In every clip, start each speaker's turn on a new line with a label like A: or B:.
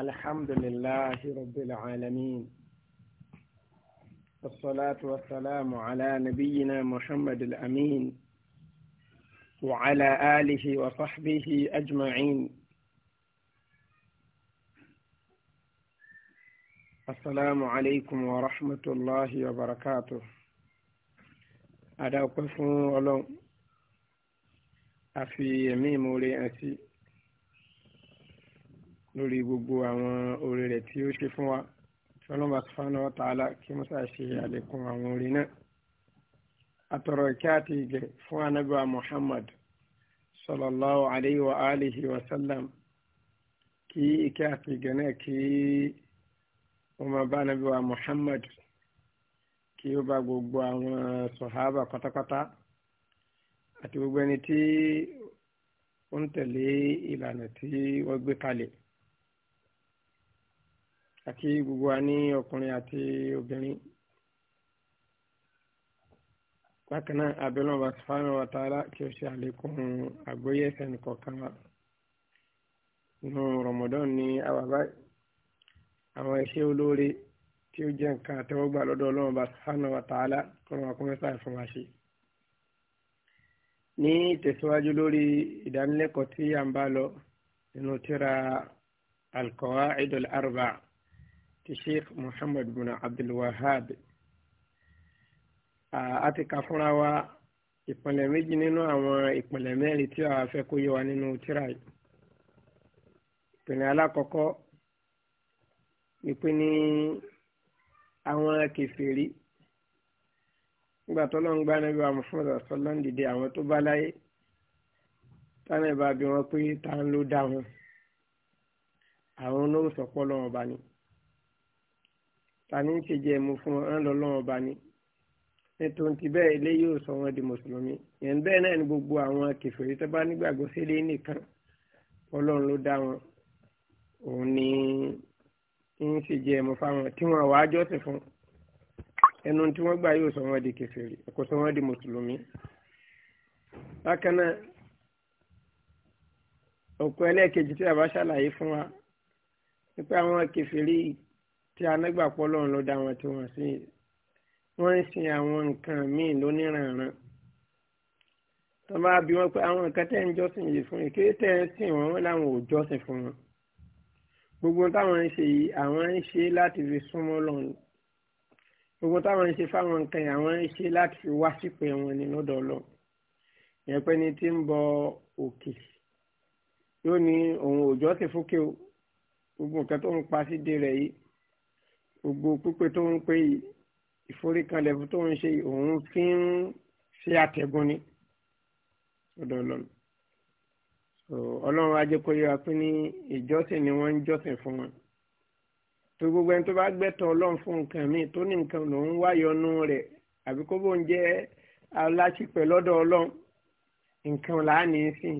A: الحمد لله رب العالمين والصلاة والسلام على نبينا محمد الأمين وعلى آله وصحبه أجمعين السلام عليكم ورحمة الله وبركاته أدعوكم الله أفي يمين مولي أسي lórí gbogbo àwọn oore rẹ̀ tí ó ṣe fún wa sọlọ́mà sọ́fánà ọ̀tàlá kí musa ṣe àlékún àwọn oore náà àtọ̀rọ̀ ìkẹ́ àti ìgẹ̀ fún anábíà muhammad sallallahu alayhi wa alihi wa sallam kí ìkẹ́ àti ìgẹ̀ náà kí ó bá anábíà muhammad kí ó bá gbogbo àwọn sọ̀hábà pátápátá àti gbogbo ẹni tí ó ń tẹ̀lé ìlànà tí wọ́n gbé kalẹ̀ àti gbogbo wa ní ọkùnrin àti obìnrin bákan náà abẹ́lẹ́ wa subhanahu wa ta'ala kí o ṣe àlékún àgbóyè ẹ̀sẹ̀ nìkọ̀ọ̀kan wa nínú Ramadan ni àwàbá àwọn iṣẹ́ olóore tí ó jẹ́ nǹkan àtẹ́wọ́gbà lọ́dọ̀ ọlọ́run bá subhanahu wa ta'ala kọ́nà wa kún mẹ́fà fún wa ṣe. ní ìtẹ̀síwájú lórí ìdánilẹ́kọ̀ọ́ tí à ń bá lọ nínú tírà al-Qawa'id al ti sheikh muhammad bin abdulwahab a ti kà fúnra wa ìpìlẹ̀ méjì nínú àwọn ìpìlẹ̀ mẹ́rin tí a fẹ́ kó yé wa nínú tírà yìí ìpìlẹ̀ alákọ̀ọ́kọ́ ìpín ní àwọn kèfèrí nígbà tó lọ́n gbá níbi àwọn fúnra sọ́lọ́n dìde àwọn tó bá láyé táwọn ìbá bí wọ́n pé ta ló dá wọn àwọn ló ń lọ́wọ́ bá ní tani ń ṣe jẹ mu fún wọn lọ lọ́wọ́ bá ní nítorí bẹ́ẹ̀ ilé yóò sọ wọn di mùsùlùmí yẹn bẹ́ẹ̀ náà ni gbogbo àwọn kẹfìrí tó bá nígbàgbọ́ sílé nìkan ọlọ́run ló dá wọn òun ni ń ṣe jẹ mu fáwọn tí wọn wàá jọ́sìn fún ẹnu tí wọ́n gbà yóò sọ wọn di kẹfìrí kò sọ wọn di mùsùlùmí bákan náà òkú ẹlẹ́ẹ̀kejì tí a bá ṣàlàyé fún wa nípa àwọn kẹfìrí yìí tí anágbàpọ̀ lọ́run ló dá wọn tí wọ́n sì wọ́n ń sin àwọn nǹkan míì lóníranran tó bá bí wọn pé àwọn nǹkan tẹ́ ń jọ́sìn yìí fún yìí kéré tẹ́ ń sìn wọ́n wọn láwọn ò jọ́sìn fún wọn gbogbo táwọn ń ṣe yìí àwọn ń ṣe láti fi súnmọ́ lọ́run gbogbo táwọn ń ṣe fáwọn nǹkan yìí àwọn ń ṣe láti fi wá sípè wọn ní lọ́dọ̀ ọlọ́run ìyẹn pé ní tí ń bọ òkè yóò ní òun ò jọ́sìn fúnkẹ́ o gbogbo nǹkan tó ń pa sídìí rẹ̀ yìí gbogbo pípé tó ń pè ìforíkanlẹ̀ tó ń ṣe òun fi ń ṣe àtẹ̀gùn ni ọ̀dọ̀ ọlọ́run ọlọ́run ajé kó yẹra pé ní ìjọsìn ni wọ́n ń jọ́sìn fún wọn tó gbogbo ẹni tó bá gbẹ́tọ̀ ọlọ́run fún nǹkan míì tó ní nǹkan lòún wáyọnu rẹ̀ àbí kó bóun jẹ́ aláṣípẹ̀ lọ́dọ̀ ọlọ́run nǹkan làánì sìn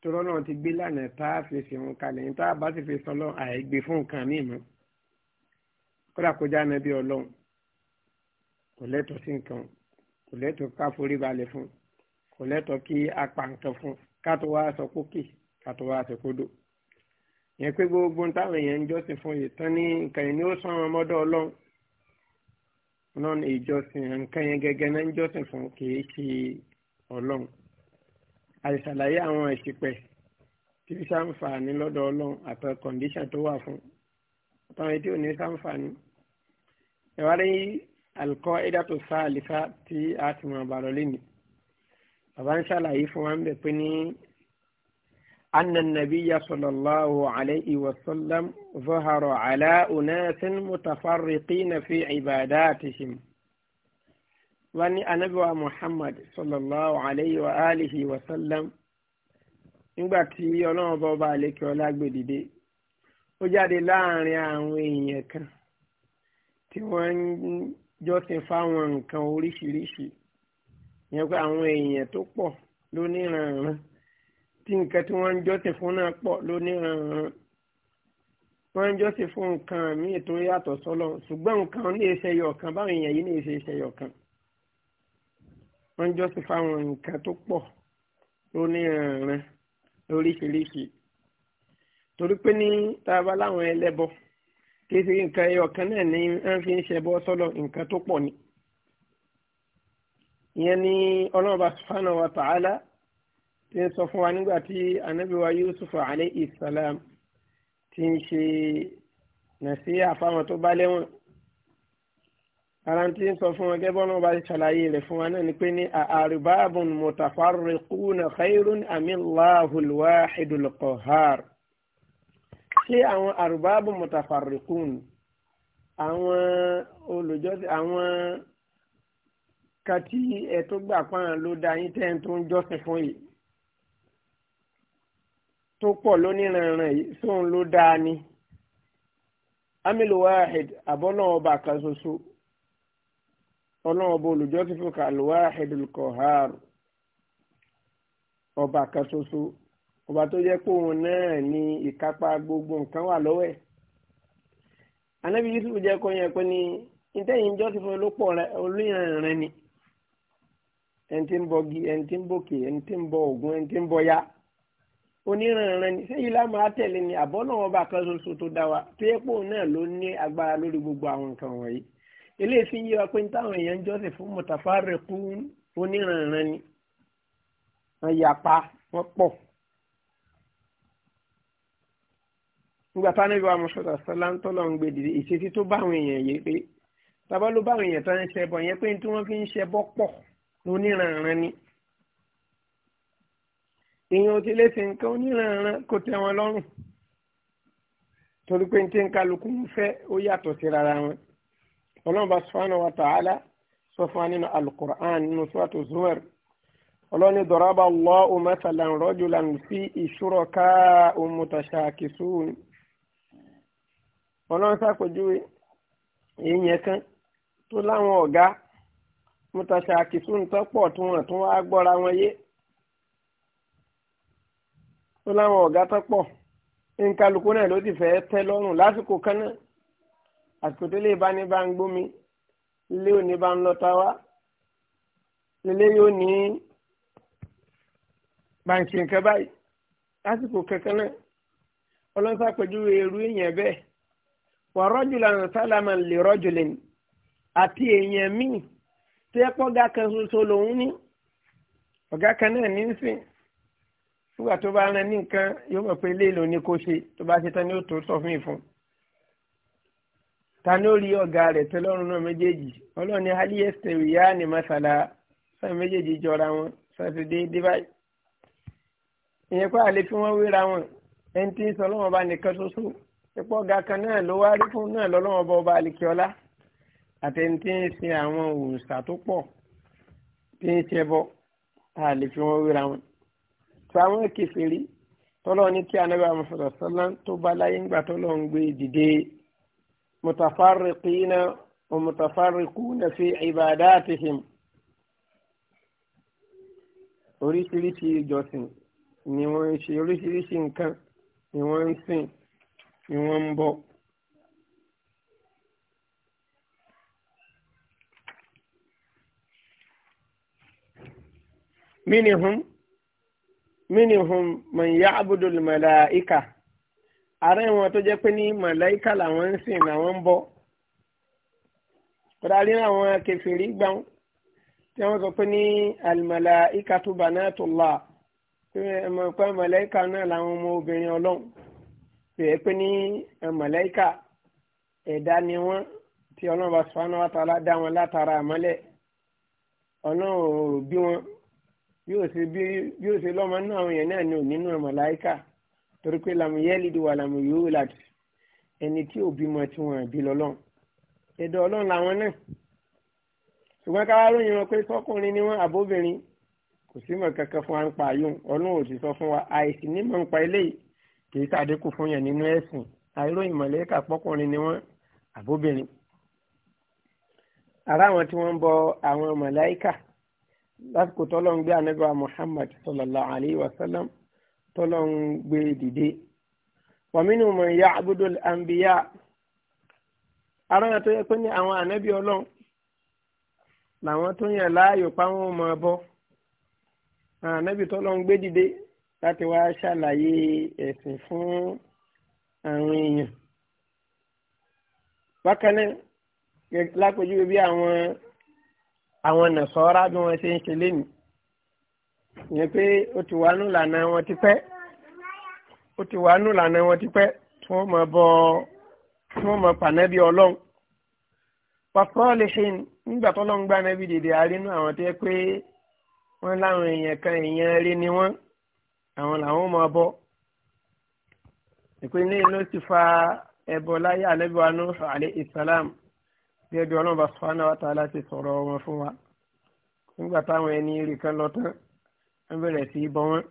A: tó lọ́nà ti gbé lánàá tá a fi sìn wọn kalẹ̀ ní tá a bá sì fi sọ lọ́run àìgbé fún nǹkan míì mọ́ kódà kó já nàbí ọlọ́run kò lẹ́tọ̀ọ́ sí nǹkan kò lẹ́tọ̀ọ́ ká forí balẹ̀ fún kò lẹ́tọ̀ọ́ kí a pa nǹkan fún ká tó wá sọ pókè ká tó wá sọ kódò yẹn pé gbogbo táwọn èèyàn ń jọ́sìn fún yìí tán ní nǹkan yẹn ni ó sàn wọn ọlọ́run náà ní ìjọsìn nǹkan yẹn gẹ́gẹ́ náà ń jọ́sìn fún kì ṣe ọlọ́run àìsàlàyé àwọn ìṣìpẹ̀ kì ṣàǹfààní lọ́dọ̀ ọlọ́run àtọ kọ̀ǹdíṣàn tó wà fún àtàwọn ètò òní sáǹfààní ẹ̀wá lẹ́yìn àlùkọ́ ìdàtò sáàlìfà tí a ti mọ̀ àbàrọ̀ lẹ́nu bàbá ń ṣàlàyé fún wa ń bẹ̀ pé ní annanabiya sallallahu alayhi wa sallam zahara ala unasin mutafarriqina fi ibadatihim wa ni anabiwa muhammad sallallahu alayhi wa alihi wa nígbà tí ọlọ́run bọ́ bá àlékè ọlá gbèdìde ó jáde láàrin àwọn èèyàn kan tí wọ́n ń jọ́sìn fáwọn nǹkan oríṣiríṣi ìyẹn pé àwọn èèyàn tó pọ̀ lóníranran tí nǹkan tí wọ́n ń jọ́sìn fún náà pọ̀ lóníranran wọ́n ń jọ́sìn fún nǹkan míì tó yàtọ̀ sọ́lọ́ ṣùgbọ́n nǹkan ní ìṣẹ̀yọ̀ kan báwọn èèyàn yìí ní ìṣẹ̀yọ̀ kan wọ́n ń jọ́sìn fáwọn nǹkan tó pọ̀ lóníranran lóríṣiríṣi torí pé ní tá a bá láwọn ẹlẹ́bọ kì í ṣe nǹkan ẹyọ kan náà ni wọ́n fi ń ṣẹbọ sọ́lọ̀ nǹkan tó pọ̀ ni. ìyẹn ni ọlọ́run bá subhanahu wa ta'ala ti ń sọ fún wa nígbà tí ànábì Yusuf alayhi salam ti ń ṣe nàṣíyà fáwọn tó bá lẹ́wọ̀n ara ti ń sọ fún wọn gẹ́gẹ́ bọ́lá ọba ti ṣàlàyé rẹ̀ fún wa náà ni pé ní àrùbáàbùn mutafarriquna khayrun amillahul wahidul qahhar ṣé àwọn àrùbáàbù mutafarrikun àwọn olùjọ́sìn àwọn kàtí ẹ tó gbà pọ́n ló da yín tẹ́ ń tó ń jọ́sìn fún yìí tó pọ̀ lóníranran yìí sóun ló dáa ni amilu wahid abọ́nà ọba kan ṣoṣo ọlọ́run ọba olùjọ́sìn fún kàlùwáhid alqahar ọba kan ṣoṣo ọba tó jẹ́ pé òun náà ní ìkápá gbogbo nǹkan wà lọ́wọ́ ẹ̀ anabi yusuf jẹ́ kó yẹn pé ní ntẹ́yìn jọ́ fún olópọ̀ rẹ olóyìn rẹ ni ẹni tí ń bọ gi ẹni tí ń bọ kè ẹni tí ń bọ ògùn ẹni tí ń bọ ya onírànràn ni sẹ́yìn lámà tẹ̀lé ni àbọ̀ náà wọn bá kan ṣoṣo tó dá wa tó yẹ pé òun náà ló ní agbára lórí gbogbo àwọn nǹkan wọ̀nyí eléyìí fi ń yé wa pé táwọn èèyàn ń jọ́sìn fún mọ̀tàfà rẹ̀ kú onírànràn ni wọ́n yapa wọ́n pọ̀ nígbà tánàbí wa mọ̀ṣọ́dà sọ́lá ń tọ́lọ̀ ń gbèdìdì ìṣesí tó bá àwọn èèyàn yé pé tábà ló bá àwọn èèyàn tó ń ṣẹbọ yẹn pé tí wọ́n fi ń ṣẹbọ pọ̀ lóníranran ni. èèyàn ti lè ṣe nǹkan oníranran kò tẹ́ wọn lọ́rùn torí pé tí kálukú ń fẹ́ ó yàtọ̀ sí rárá wọn. ọlọ́run bá subhanahu wa ta'ala sọ nínú alukur'an nínú suratu zuwar ọlọ́ni dọ̀rọ̀bà Allahu mathalan ọlọ́run ṣàpèjúwe èèyàn kan tó láwọn ọ̀gá mútaṣà kìsùn tó pọ̀ tí wọ́n tún wá gbọ́ra wọn yé tó láwọn ọ̀gá tó pọ̀ nkálukú náà ló ti fẹ́ẹ́ tẹ́ lọ́rùn lásìkò kan náà àsìkò tó lè bá ní bá ń gbómi ilé òní bá ń lọ wá ilé yóò ní bàǹkì nǹkan báyìí lásìkò kankan náà ọlọ́sàpẹ̀júwe irú èèyàn bẹ́ẹ̀ wà rọ́jùlá sálámà lè rọ́jùlẹ̀ àti èèyàn míì tó yẹ pọ́ ọ̀gá kan ṣoṣo lòun ní ọ̀gá kan náà ní í sìn nígbà tó bá rán ní nǹkan yóò mọ̀ pé léèlò ni kò ṣe tó bá ṣe tán ni ó tó sọ fún ìfún ta ni ó rí ọ̀gá rẹ̀ tẹ́ lọ́rùn náà méjèèjì ọlọ́ọ̀ni aliester ìyá ni masala sáà méjèèjì jọra wọn sáàtì déédé báyìí ìyẹn pé àlè fi wéra wọn ẹni tí ń sọ ọlọ́wọ́n bá nìkan ṣoṣo ipò ọ̀gá kan náà ló wá rí fún náà lọ́lọ́wọ́ bá ọba alikiola àtẹni tí ń sin àwọn òòṣà tó pọ̀ tí ń ṣẹbọ a lè fi wọn wéra wọn. tó àwọn kèfèrí tọ́lọ́ ní kí anábẹ́ amọ̀fọ̀tọ̀ sọ́lá tó bá láyé ńgbà tọ́lọ́ ń gbé dìde mutafarriqina wa mutafarriquna fi ibadatihim oríṣiríṣi ìjọsìn ni wọ́n ń ṣe oríṣiríṣi nǹkan ni wọ́n ń sìn ni wọ́n ń bọ̀. minihum minihum man ya'budu al-mala'ika ààrẹ wọn tó jẹ́ pé ní màláìka làwọn ń sìn làwọn ń bọ̀ kódà rí àwọn kẹfìrí gbàùn tí wọ́n sọ pé ní al-mala'ikatu banatullah pé màláìka náà làwọn ọmọ obìnrin ọlọ́run tòyẹ pé ní màláíkà ẹ̀dá ni wọ́n tí ọlọ́run bá sọ́nà wa tààlà dá wọn látara àmọ́lẹ̀ ọlọ́run ò bí wọn yóò bí yóò ṣe lọ́mọ náà àwọn èèyàn náà ni ò nínú màláíkà torí pé làmú yẹ́lìdì wà làmú yòówù láti ẹni tí ò bímọ tí wọn àbí lọ́lọ́run ẹ̀dọ̀ ọlọ́run làwọn náà ṣùgbọ́n ká wá wọn pé sọ́kùnrin ni wọ́n àbóbìnrin kò sí mọ̀ kankan fún wa ń pa àyùn ọlọ́run ò sì sọ fún wa àìsí nímọ̀ ń pa eléyìí kì í sàdékù fún yẹn nínú ẹ̀sìn àìróyìn mọ̀lẹ́kà pọ́kùnrin ni wọ́n àbóbìnrin. ara àwọn tí wọ́n ń bọ àwọn mọ̀láìkà lásìkò tọ́lọ́ ń gbé anábíà Muhammad sallallahu alayhi wa sallam tọ́lọ́ ń gbé dìde. wa minhum man ya'budu al-anbiya ara àwọn tó yẹ pé ní àwọn ànábì ọlọ́run làwọn tó yàn láàyò pa wọn mọ̀ ọ́ bọ́ ànábì tọ́lọ́ ń gbé dìde láti wá ṣàlàyé ẹ̀sìn fún àwọn èèyàn. bákan náà lápèjúwe bí àwọn àwọn nàṣọ́ra bí wọ́n ṣe ń ṣe lénìí ìyẹn pé ó ti wà nù lànà wọn ti pẹ́ ó ti wà nù lànà wọn ti pẹ́ tí wọ́n mọ̀ bọ́ tí wọ́n mọ̀ pànẹ́bí ọlọ́run pàpọ́ lè ṣe nígbà tó lọ́n gbà nẹ́bí dèdè àárínú àwọn tó yẹ pé wọ́n láwọn èèyàn kan èèyàn rí ni wọ́n àwọn làwọn máa bọ́ ìpínlẹ̀ ló ti fa ẹbọ láyé ànábì wa Nuh alayhi salam bí ẹbí ọlọ́run subhanahu wa ta'ala ti sọ̀rọ̀ wọn fún wa nígbà táwọn ẹni rì kan lọ tán wọn bẹ̀rẹ̀ sí í bọ wọn.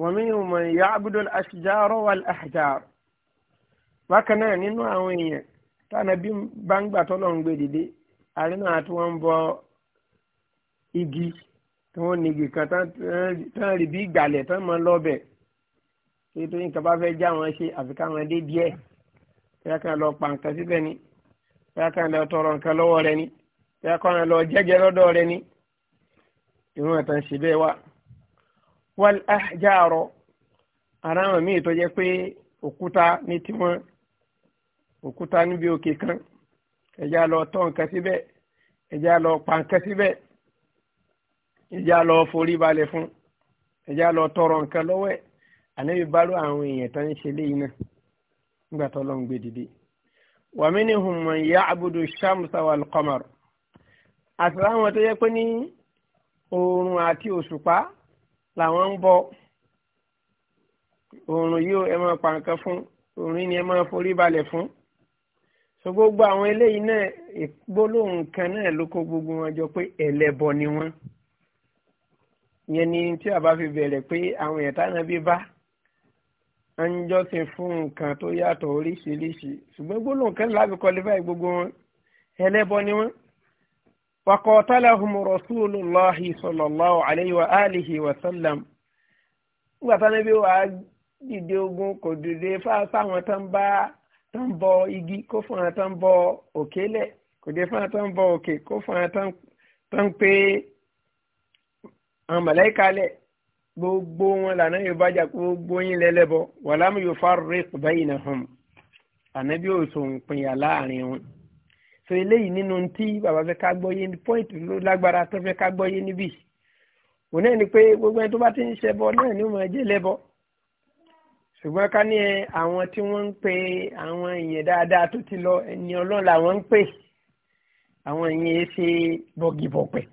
A: wa minhum man ya'budu al-ashjara wal-ahjar bákan náà nínú àwọn èèyàn táwọn ẹbí bá ń gbà tọ́lọ̀ ń gbé dìde àrínà àti wọn bọ igi tí wọ́n nìgì kan tán rí bí ìgbàlẹ̀ tán mọ́ lọ́bẹ̀ kí tó nǹkan bá fẹ́ já wọn ṣe àfi káwọn dé díẹ̀ bóyá kan lọ pa nǹkan síbẹ̀ ni bóyá kan lọ tọrọ nǹkan lọ́wọ́ rẹ ni bóyá kan lọ jẹ́jẹ́ lọ́dọ̀ rẹ ni ìwọ̀n ìtàn ṣe bẹ́ẹ̀ wá. wal ahjaro ara wọn míì tó jẹ́ pé òkúta ní tiwọn òkúta níbi òkè kan ẹ̀já lọ tọ́ nǹkan síbẹ̀ ẹ̀já lọ pa nǹkan síbẹ̀ ìjà lọ forí balẹ̀ fún ìjà lọ tọrọ nǹkan lọ́wọ́ ẹ̀ ànábì bárò àwọn èèyàn tó ń ṣe léyìn náà nígbà tó lọ́n gbé dìde. wa minhum man ya'budu shamsa wal qamar àtàrà àwọn tó yẹ pé ní oòrùn àti òṣùpá làwọn ń bọ oòrùn yìí ẹ máa pa nǹkan fún oòrùn ni ẹ máa forí balẹ̀ fún so gbogbo àwọn eléyìí náà ìgbólóhùn kan náà ló kó gbogbo wọn jọ pé ẹlẹ́bọ ni wọ́n yẹn ni tí a bá fi bẹ̀rẹ̀ pé àwọn èèyàn táwọn ẹbí bá ń jọ́sìn fún nǹkan tó yàtọ̀ oríṣiríṣi ṣùgbọ́n gbólóhùn kan láti kọ́ lé báyìí gbogbo wọn ẹlẹ́bọ ni wọ́n. waqatalahum rasulullahi sallallahu alayhi wa alihi wa sallam nígbà táwọn ẹbí wà dìde ogun kò dìde fáwọn tó ń bá tó bọ igi kó fún wọn tó ń bọ òkè lẹ̀ kò dé fún wọn tó bọ òkè kó fún wọn tó ń àwọn màláíkà lẹ̀ gbogbo wọn lànà yóò bá jà gbogbo yín lẹ́lẹ́bọ wàlámù yóò farriq bainahum ànábì ò sòǹpìnyà láàrin wọn so eléyìí nínú tí bàbá fẹ́ ká gbọ́ yé ní pọ́ìntì ló lágbára tó fẹ́ ká gbọ́ yé níbí òun náà ni pé gbogbo ẹni tó bá ti ń ṣẹbọ náà ni ó máa jẹ́ lẹ́bọ ṣùgbọ́n ká ní àwọn tí wọ́n ń pe àwọn èèyàn dáadáa tó ti lọ ẹni ọlọ́run làwọn ń pè àwọn èèyàn ṣe bọ̀gìbọ̀pẹ̀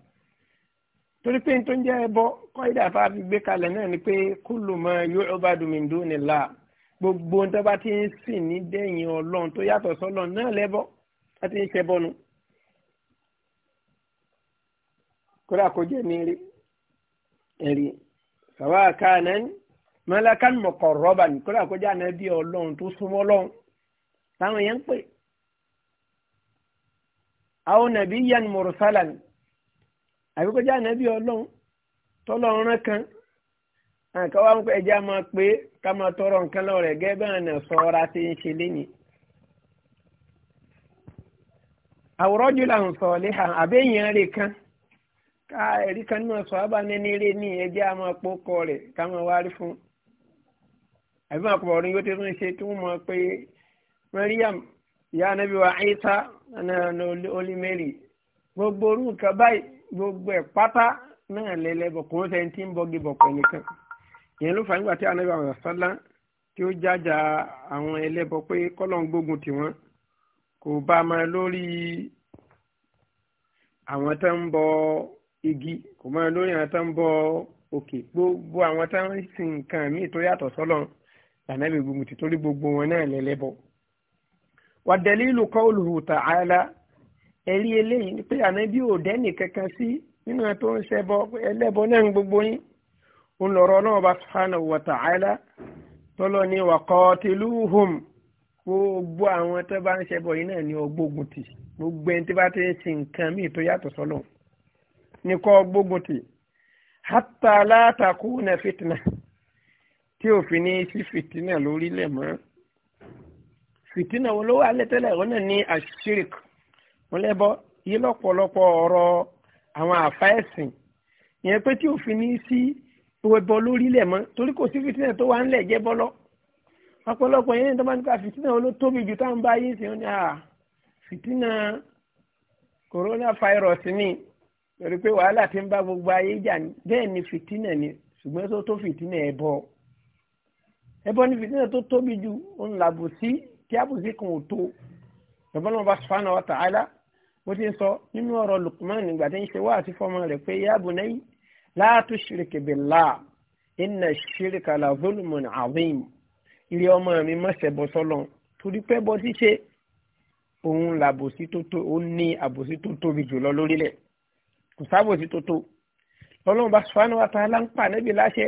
A: torí pé tó ń jẹ́ ẹbọ kọ́ídà tá a fi gbé kalẹ̀ náà ni pé kullu ma yu'badu min dunillah gbogbo tó bá ti ń sìn ní dẹ́yìn ọlọ́run tó yàtọ̀ sọ́lọ́run náà lẹ́bọ láti ń ṣẹbọ nu. kódà kó jẹ́ ní rí ẹ̀rí sàwa kana malakan muqarraban kódà kó jẹ́ ànábì ọlọ́run tó súnmọ́ ọlọ́run táwọn yẹn ń pè. àwọn nabiyyan mursalan àbí kó jẹ́ ànábì ọlọ́run tọ́lọ́run kan nǹkan wá ń pẹ́ ẹja máa pé ká máa tọrọ nǹkan lọ rẹ̀ gẹ́gẹ́ bẹ́ẹ̀ náà sọ́ra ti ń ṣe lẹ́yìn. àwòrán jù làwọn sọ̀rọ̀ lé àbẹ́yìn rẹ̀ kan ká ẹ̀rí kan náà sọ ábà rẹ̀ ní ẹja máa pọ́ kọ rẹ̀ ká máa wárí fún. àbí máa pọ̀ gbogbo gbogbo ẹ̀ pátá náà lẹ́lẹ́bọ̀ kò ń sẹ́ni tí ń bọ́gi bọ̀ pẹ̀lú kan ìyẹn ló fà nígbà tí anabi àwọn sálá tí ó jájà àwọn ẹlẹ́bọ pé kọ́lọ́n gbógun tiwọn kò bá a máa lórí àwọn tó ń bọ igi kò máa lórí àwọn tó ń bọ òkè gbogbo àwọn tó ń sin nǹkan míì tó yàtọ̀ sọ́lọ̀ lànàbì gbogbo ti torí gbogbo wọn náà lẹ́lẹ́bọ. wàdẹ́lílù qawluhu ta'ala ẹ̀rí eléyìí ni pé ànábì ò dẹ́nì kankan sí nínú ẹ̀ tó ń ṣẹbọ ẹlẹ́bọ náà ń gbogbo yín òun lọ̀rọ̀ náà bá subhanahu wa ta'ala tọ́lọ́ ni wa qatiluhum gbogbo àwọn tó bá ń ṣẹbọ yìí náà ni ọgbógun tì gbogbo ẹni tó bá ti ń sin nǹkan míì tó yàtọ̀ sọ́lọ̀ ní kọ́ ọgbógun tì hatta la takuna fitna tí òfin ní sí fìtínà lórílẹ̀ mọ́ fìtínà wo ló wà lẹ́tẹ̀lẹ̀ òun náà ní àṣírìkù wọn lẹ́bọ yí lọ́pọ̀lọpọ̀ ọ̀rọ̀ àwọn àfa ẹ̀sìn ìyẹn pé tí òfin ní sí ẹbọ lórílẹ̀ mọ́ torí kò sí fìtínà tó wà ńlẹ̀ jẹ́ bọ́lọ́ ọ̀pọ̀lọpọ̀ yẹn tó bá ń ka fìtínà wọn ló tóbi jù táwọn bá yín sí wọn ni à fìtínà coronavirus ni torí pé wàhálà ti ń bá gbogbo ayé jà ní bẹ́ẹ̀ ni fìtínà ni ṣùgbọ́n tó tó fìtínà ẹbọ ẹbọ ni fìtínà tó tóbi jù ń làbòsí tí àbòsí kan ò tó ìbọn náà bá sùfàánà wa ta'ala bó ti sọ nínú ọ̀rọ̀ Luqman nígbà tí ń ṣe wá àti fọmọ rẹ̀ pé ya bunay la tushrik billah inna shirka la zulmun azim ilé ọmọ mi má ṣẹbọ sọ́lọ́n torí pé bọ́ ti ṣe òun làbòsí tó tó ó ní àbòsí tó tóbi jùlọ lórílẹ̀ kò sábòsí tó tó ọlọ́run bá sọ́nà wa ta láǹpà níbi láṣẹ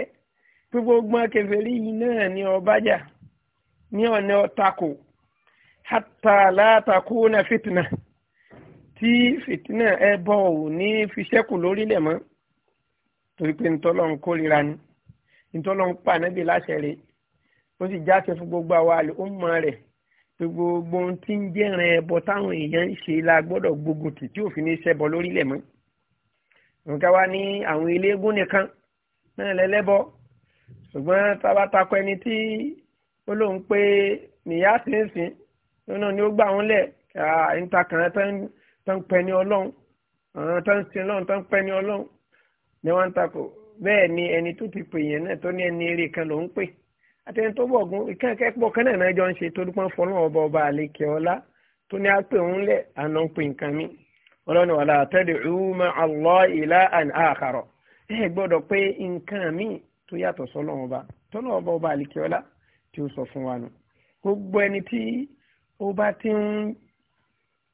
A: pé gbogbo kèfèrí yìí náà ní ọbàjà ní ọ̀nà ọ̀tàkù hatta la takuna fitna tí fìtínà ẹbọ ò ní fi ṣẹ́kù lórílẹ̀ mọ́ torí pé ntọ́lọ́run kórìíra ni ntọ́lọ́run pa ànábì láṣẹ rẹ̀ ó sì jáṣẹ fún gbogbo àwa àlè ó mọ rẹ̀ pé gbogbo ohun tí ń jẹ́ràn ẹbọ táwọn èèyàn ń ṣe la gbọ́dọ̀ gbógun tì tí òfin ní ṣẹbọ lórílẹ̀ mọ́ nǹkan wá ní àwọn eléégún nìkan náà lẹ́lẹ́bọ ṣùgbọ́n tábà takọ ẹni tí ó lóun pé nìyá sí ń ni ó gbà wọn lẹ̀ níta tán tán pẹ ní ọlọ́run àwọn tán sin ọlọ́run tán pẹ ní ọlọ́run ni wọ́n ń takò bẹ́ẹ̀ ni ẹni tó ti pè yẹn náà tó ní ẹni eré kan ló ń pè àtẹni tó bọ̀ gun ìkẹ́kẹ́ pọ̀ kánà náà jọ ń ṣe torí pọ́n fọlọ́n ọba ọba àlekè ọlá tó ní àpè òun lẹ̀ àná ń pè nǹkan mi ọlọ́run wàlá àtẹ́dẹ̀ ọ̀húnmá àlọ́ ìlà àkàrọ̀ ẹ gbọ́dọ̀ pé nǹkan mi tó yàtọ̀ sọlọ́run ọba tọ́nà ọba ọba àlekè ọlá tí ó sọ fún wa nù gbogbo ẹni tí ó bá ti ń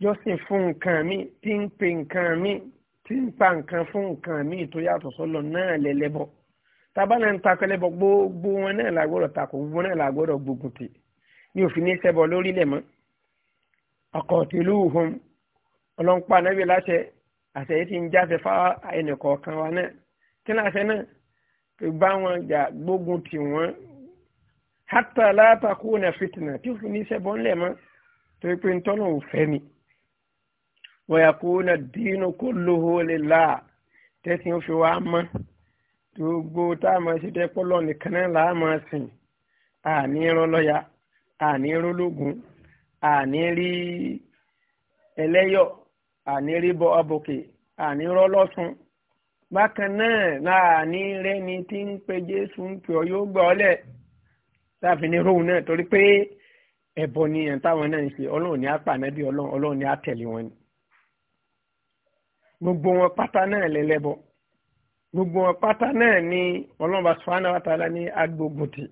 A: jọ́sìn fún nǹkan mi tí ń pe nǹkan mi tí ń pa nǹkan fún nǹkan mi tó yàtọ̀ sọ́lọ náà lẹ́lẹ́bọ tábàlà ń takọ lẹ́bọ gbogbo wọn náà làgbọ́dọ̀ takò gbogbo náà làgbọ́dọ̀ gbógun tì ní òfin ní ṣẹbọ lórílẹ̀ mọ́ ọkọ̀ tìlú hùn ọlọ́npá anábì láṣẹ àṣẹyí tí ń jáde fá ẹnìkọ̀ọ̀kan wa náà kí náà ṣe náà kí bá wọn jà gbógun tì wọ́n hátà látàkùn náà fìtìnà tí òfin ní ṣẹbọ ńlẹ̀ mọ́ torí pé ń tọ́nà òfẹ́ mi. wọ̀yàkúnà dínú kó lóhó lélá tẹ́sí ó fi wá mọ́ gbogbo tá a máa ṣe nìkan náà là á máa sìn àní àní lógun àní rí ẹlẹ́yọ̀ àní rí bọ́ abòkè àní lọ́sùn bákan ọ lẹ̀ ní náà torí pé ni ẹ̀ táwọn náà ń ṣe ọlọ́run ní apànẹ́bí wọn gbogbo wọn pátá náà lẹ́lẹ́bọ gbogbo wọn pátá náà ni ọlọ́mọba sùfàánà wàtàlá ní agbógunti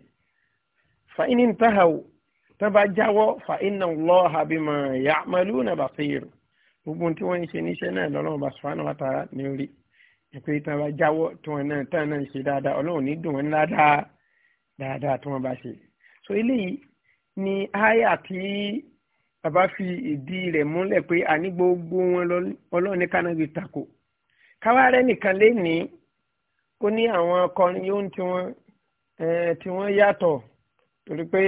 A: fàínì ntàhàwò tọ́ba jáwọ́ fàínà lọ́ọ̀hà bímọ yàmàlú náà basir gbogbo tí wọ́n ń ṣe níṣẹ́ náà lọ́lọ́mọba sùfàánà wàtàlá ní orí ìpè tọ́ba jáwọ́ tí wọ́n náà tán náà ṣe dáadáa ọlọ́run ní dùn wọn dáadáa dáadáa tí wọ́n bá ṣe so eléyìí ni áyà tí bàbá fi ìdí rẹ̀ múlẹ̀ pé àní gbogbo wọn ọlọ́run ní kánábì tako káwárẹ́ nìkan lè ní kó ní àwọn akọrin yóò ń tiwọn tiwọn yàtọ̀ torí pé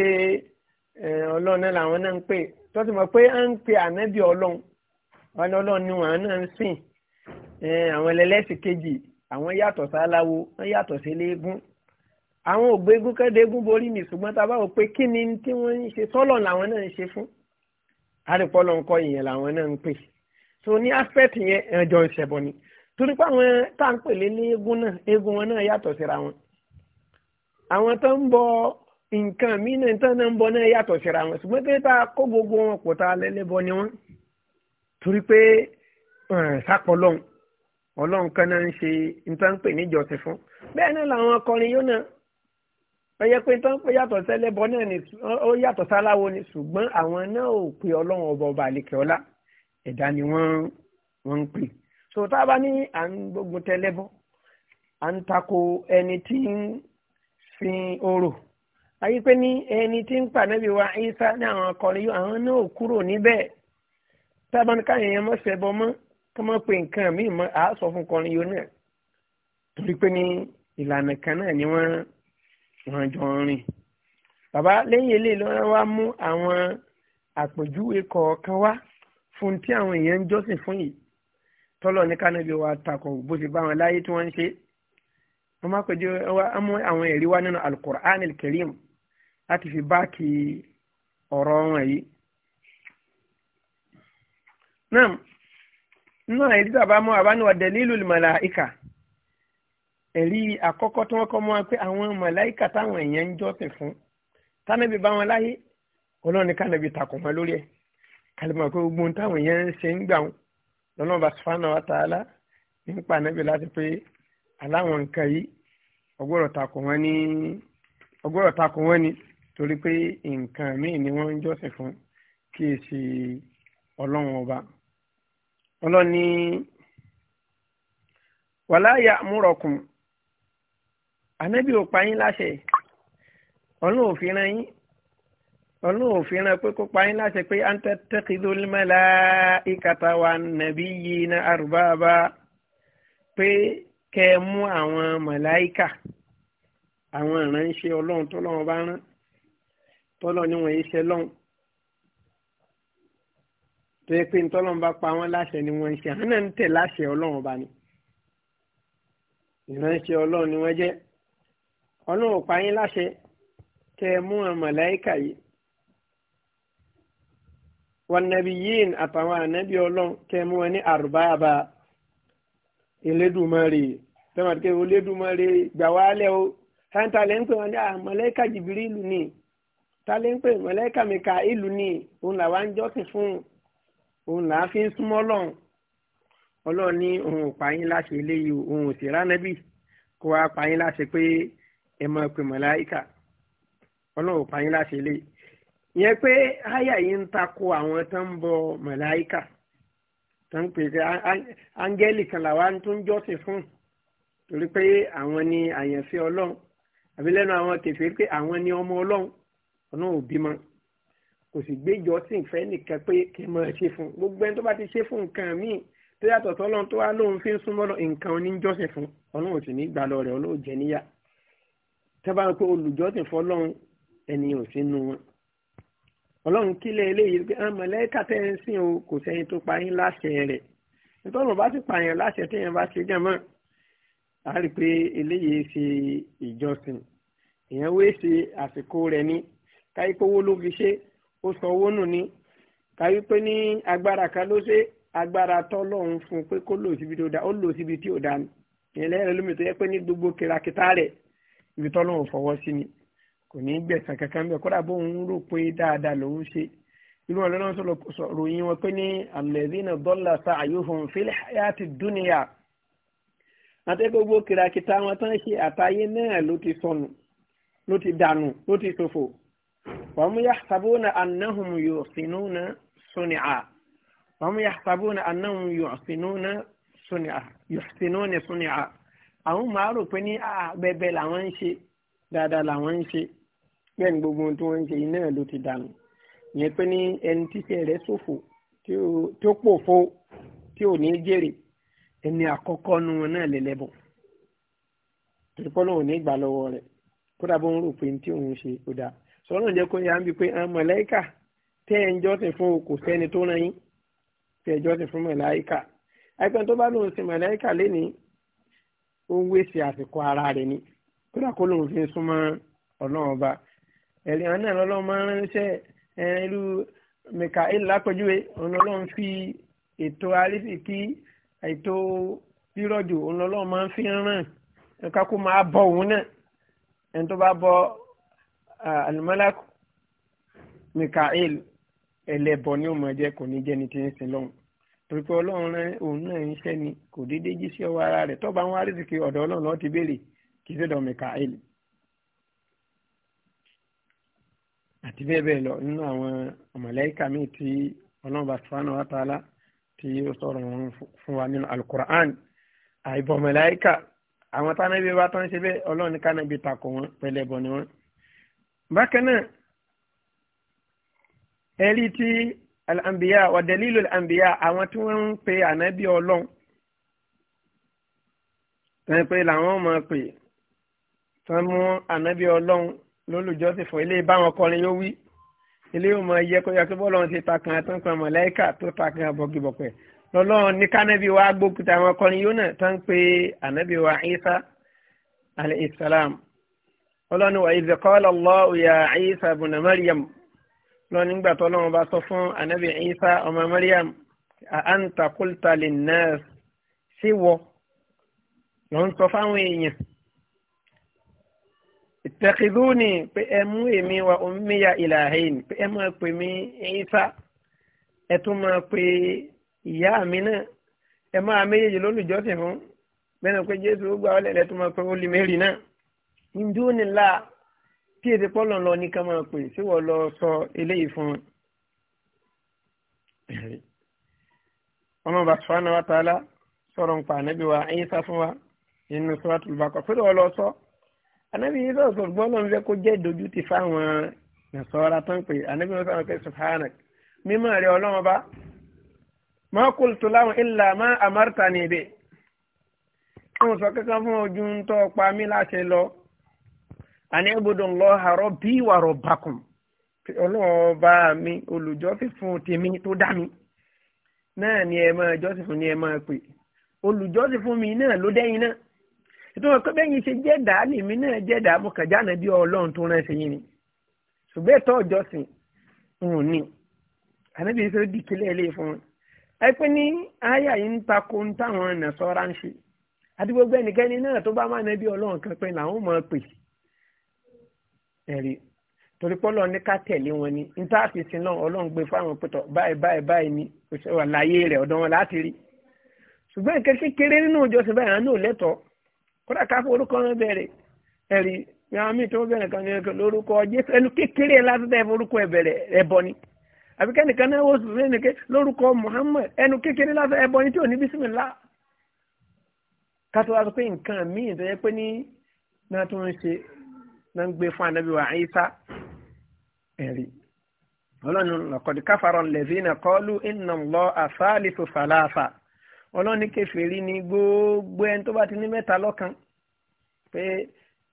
A: ọlọ́run náà làwọn náà ń pè tó ti mọ̀ pé à ń pe ànábì ọlọ́run wọn ọlọ́run ni wọn náà ń sìn àwọn ẹlẹ́sìn kejì àwọn yàtọ̀ sáláwo wọn yàtọ̀ sí léegun àwọn ògbégún kẹ́dẹ́gún borí mi ṣùgbọ́n tá a bá wò pé kí ni tí wọ́n ń ṣe sọ́lọ̀ làwọn náà ń ṣe fún àrípọ́lọ́ ń kọ́ ìyẹn làwọn náà ń pè so ní aspect yẹn ẹjọ́ ìṣẹ̀bọ̀ ni torí pé àwọn tá à ń pèlé ní eégún náà eégún wọn náà yàtọ̀ síra wọn àwọn tó ń bọ nǹkan míì náà tó ń bọ náà yàtọ̀ síra wọn ṣùgbọ́n pé tá a kó gbogbo wọn pò tá lẹ́lẹ́bọ ni wọ́n torí pé sápọ̀ lọ́hùn ọlọ́run kan náà ń ṣe nǹkan pè níjọ́sìn fún bẹ́ẹ̀ náà làwọn akọrin yóò náà pẹ̀yẹ pé tán pé yàtọ̀ sẹ́lẹ̀bọ náà ni ó yàtọ̀ sáláwo ni ṣùgbọ́n àwọn náà ò pe ọlọ́run ọba ọba àlekè ọlá ẹ̀dá ni wọ́n ń pè so tá a bá ní à ń gbógun tẹlẹ́bọ à ń tako ẹni tí ń sin orò àyí pé ní ẹni tí ń pàdébí wa Ìsá ní àwọn akọrin yóò àwọn náà ò kúrò níbẹ̀ tá a bá ní káyọ̀ yẹn mọ́ ṣẹbọ mọ́ kí wọ́n pe nǹkan míì mọ́ àá fún kọrin yóò náà torí pé ní ìlànà kan náà ni wọ́n wọ́n jọ ń rìn bàbá lẹ́yìn eléyìí lọ́wọ́ wá mú àwọn àpèjúwe kọ̀ọ̀kan wá fún tí àwọn èèyàn ń jọ́sìn fún yìí tọ́lọ̀ ní kánábì wa takọ̀ bó ti bá wọn láyé tí wọ́n ń ṣe wọ́n má pèjọ wá mú àwọn ẹ̀rí wá nínú alukur'an alkarim láti fi báàkì ọ̀rọ̀ wọn yìí. náà nínú àyè tí bàbá mú àbánuwà dalilu malaika ẹ̀rí àkọ́kọ́ tí wọ́n kọ́ mọ́ wa pé àwọn màláìkà táwọn èèyàn ń jọ́sìn fún tánàbí bá wọn láyé ọlọ́run ní kánàbí takùn wọn lórí ẹ̀ kálímọ̀ pé gbogbo ohun táwọn èèyàn ń ṣe ń gbà wọn lọ́nà bá sùfánà wa tààlà nípa ànábì láti pé aláwọn nǹkan yìí ọgbọ́dọ̀ takùn wọn ní ọgbọ́dọ̀ takùn wọn ní torí pé nǹkan míì ni wọ́n ń jọ́sìn fún kí è ṣe ọlọ́run ọba ọlọ́ni wàláyà múrọ̀kùn ànábì ò pa yín láṣẹ ọlọ́run ò fi ran yín ọlọ́run ò fi ran pé kó pa yín láṣẹ pé à ń tẹ́tẹ́kì lórí mẹ́la ìkàtà wa nàbí yìí ní àrùbáàbá pé kẹ́ ẹ mú àwọn màláìkà àwọn ìránṣẹ́ ọlọ́run tó lọ́wọ́ bá rán tọ́lọ́ ni wọ́n yìí ṣe lọ́hùn tó yẹ pé ntọ́lọ́run bá pa wọ́n láṣẹ ni wọ́n ń ṣe àwọn náà ń tẹ̀ láṣẹ ọlọ́run bá ní ìránṣẹ́ ọlọ́run ni wọ́n jẹ́ ọlọ́run pa yín láṣẹ kẹ́ ẹ mú àwọn màláìkà yìí wọn nàbí yín àtàwọn ànábì ọlọ́run kẹ́ ẹ mú wọn ní àrùbáàbà Elédùmarè tẹ́wọ̀n kẹ́ Elédùmarè gbà wálẹ̀ o táńtà lẹ́ ń pè wọn ní ah, màláìkà Jìbìrìlù ni tálẹ́ ń pè màláìkà Míkáílù ni òun làwa ń jọ́sìn fún òun làá fi ń súnmọ́ lọ́hùn ọlọ́run ní òun ò pa yín láṣẹ eléyìí òun ò sì ránẹ́bì kó wá pa yín láṣẹ pé ẹ máa pè màláìkà ọlọ́run pa yín láṣẹ lé yẹn pé àyà yìí ń tako àwọn tó ń bọ màláìkà tó ń pè é áńgẹ́lì kan làwa tó ń jọ́sìn fún torí pé àwọn ni àyànfẹ́ ọlọ́run àbí lẹ́nu àwọn kẹfẹ́ pé àwọn ni ọmọ ọlọ́run ọlọ́run ò bímọ kò sì gbéjọ sí ìfẹ́ nìkan pé kí n máa ṣe fún gbogbo ẹni tó bá ti ṣe fún nǹkan míì tó yàtọ̀ tọ́lọ́run tó wá lóun fi ń súnmọ́ nǹkan oníjọ́sìn fún ọlọ́run sì ní gbà lọ rẹ̀ ọlọ́run jẹ níyà tábà ń pé olùjọ́sìn fọlọ́run ẹni ò sínú wọn ọlọ́run kílẹ̀ eléyìí pé àwọn ah, mọ̀lẹ́kà tẹ́ ń sìn o kò sẹ́ni tó pa yín láṣẹ rẹ̀ nítorí bá ti pààyàn láṣẹ téèyàn bá ṣe jẹ́ mọ́ a rí i pé eléyìí ṣe ìjọsìn èèyàn wé ṣe àsìkò rẹ̀ ní káyí pé owó ló fi ṣe ó sọ owó nù ní káyí pé ní agbára kan ló ṣe agbára tọ́lọ́run fún un pé kó lò síbi tó dáa ó lò síbi tí ò dáa ìyẹn lẹ́yìn lómi tó yẹ pé ní gbogbo kìràkìtà rẹ̀ ibi tọ́lọ́run fọwọ́ sí ni kò ní í gbẹ̀sán kankan bẹ́ẹ̀ kódà bóun rò pé dáadáa lòun ṣe inú wọn lọ́nà sọ̀rọ̀ ròyìn wọn pé ní alladhina dalla sa'yuhum fil hayati dunya àti gbogbo kìràkìtà wọn tán ṣe àtàyé náà ló ti sọnù ló ti dànù ló ti ṣòfò wọ́n mú yahsabuna annahum yuhsinuna sun'a wọ́n mú yahsabuna annahum yuhsinuna sun'a yuhsinuna sun'a àwọn máa rò pé ní ah, ah, bẹ́ẹ̀bẹ́ẹ̀ làwọn ń ṣe dáadáa làwọn ń ṣe bẹ́ẹ̀ ni gbogbo ohun tí wọ́n ń ṣe iná ló ti dànù ìyẹn pé ní ẹni tíṣẹ́ rẹ̀ ṣòfò tí ó pòfo tí ò ní jèrè ẹni àkọ́kọ́ nu wọn náà lẹ́lẹ́bọ̀ torí pọ́n náà ò ní gbà lọ́wọ́ rẹ̀ kódà bó ń rò pé tí òun ṣe ó dáa sọ́nà jẹ́ kó yá ń bi pé ah, mọ̀láìkà tẹ́ ẹ̀ ń jọ́sìn fún o kò sẹ́ni tó ràn yín tẹ́ ẹ̀ jọ́sìn fún mọ̀láìkà àìpẹ́ tó bá lóun sin mọ̀láìkà lénìí ó ń wéṣe àsìkò ara rẹ̀ ni kódà kó lóun fi súnmọ́ ọlọ́run ọba ẹ̀rìn àwọn náà lọ́lọ́run máa ń ránṣẹ́ irú mikael lápẹjúwe òun lọ́lọ́run fi ètò arísìkí ètò rírọ̀jò òun lọ́lọ́run máa ń fi ràn nǹkan kó máa bọ òun náà ẹni tó bá bọ alimọ́lákù mikael ẹlẹ́bọ ni ó mọ̀ jẹ́ kò ní jẹ́ ni ti ń sin lọ́hùn torípé ọlọ́run rán òun náà ń ṣẹ́ ni kò déédéé jí sí ọwọ́ ara rẹ̀ tọ́ba ń wá rìsìkì ọ̀dọ̀ ọlọ́run lọ́ọ́ ti béèrè kì í sọ̀dọ̀ mikael àti bẹ́ẹ̀ bẹ́ẹ̀ lọ nínú àwọn màláíkà míì tí ọlọ́run bá sùfàánù wa ta'ala tí ó sọ̀rọ̀ wọn fún wa nínú alukur'an àìbọ̀ màláíkà àwọn tánábí bá tán ṣe bẹ́ẹ̀ ọlọ́run ní kánábí takò al-anbiya wa dalilu al-anbiya àwọn tí wọ́n ń pe ànábì ọlọ́run tẹ́ pé làwọn máa pè tán mú ànábì ọlọ́run lólùjọ́sìn fún ilé báwọn kọrin yóò wí ilé yóò máa yẹ kó yẹ kó bọ́lọ́run ti takàn àtúntàn mọ̀lẹ́kà tó takàn àbọ̀gìbọ̀pẹ̀ lọ́lọ́run ní kánábì wa gbókùtà àwọn akọrin yóò náà tán pé ànábì wa Isa alayhi salam ọlọ́run wa idh qala Isa ibn Maryam lọ nígbà tó lọ́wọ́ bá sọ fún anabi isa ọmọ mariam anta qulta linnas sí wọ lọ ń sọ fáwọn èèyàn ittakhiduni pé ẹ mú èmi wa ummiya ilahayn pé ẹ máa pè mí isa ẹ tún máa pè ìyá mi náà ẹ máa méjèèjì lólùjọ́sìn fún bẹ́ẹ̀ ni pé jésù gbà ọ́ lẹ́lẹ́ tó máa pè ó náà min tí èdè pọ́lọ̀ lọ ni ká máa pè sí wọ́n lọ sọ eléyìí fún ọmọ bàtà fún wa tààlà sọ̀rọ̀ ń pa ànábì wa Ìsá fún wa nínú suratul Baqara pé wọ́n lọ sọ ànábì Ìsá sọ̀rọ̀ gbọ́dọ̀ ń fẹ́ kó jẹ́ ìdójú ti fáwọn nàṣọ́ra tó ń ànábì wọn sọ̀rọ̀ pé subhanak mímọ́ rẹ̀ ọlọ́run bá ma qultu lahum illa ma amartani bi. wọ́n sọ kankan pa mí láṣẹ àní ẹ̀bùdùn lọ àárọ̀ bí ìwà rọ̀ bàkùn mi olùjọ́sìn tèmi tó dá mi náà ni ẹ máa jọ́sìn ni ẹ máa pè olùjọ́sìn mi náà ló dẹ́yìn náà ìtumọ̀ pé bẹ́yìn ṣe jẹ́dà lèmi náà jẹ́dà mo kàn jáde bí ọlọ́run tó rán ẹsẹ̀ ni ṣùgbọ́n ẹ̀tọ́ ìjọsìn ń ní di kílẹ̀ ilé fún wọn. ní àyà yìí ń takò ń táwọn náà tó ẹ̀rí torí pé ní ká tẹ̀lé wọn ni níta àti náà ọlọ́run gbé fáwọn pẹ̀tọ̀ báyìí báyìí báyìí ni òṣèlú wà láyé rẹ̀ ọ̀dọ̀ wọn láti rí ṣùgbọ́n nǹkan kékeré nínú ìjọsìn báyìí àánú lẹ́tọ̀ọ́ kódà orúkọ wọn bẹ̀rẹ̀ ẹ̀rí tó bẹ̀rẹ̀ kan ní jésù ẹnu kékeré ni náà ń gbé fún anabi wa Isa ẹ̀rí ọlọ́ni lọ́kọ̀dí káfàrọ̀ lẹ́sìn kọ́lù iná lọ àṣàlìfò fàlàfà ọlọ́ni kẹfìrí ni gbogbo ẹni tó bá ti ní mẹ́ta lọ́kan pé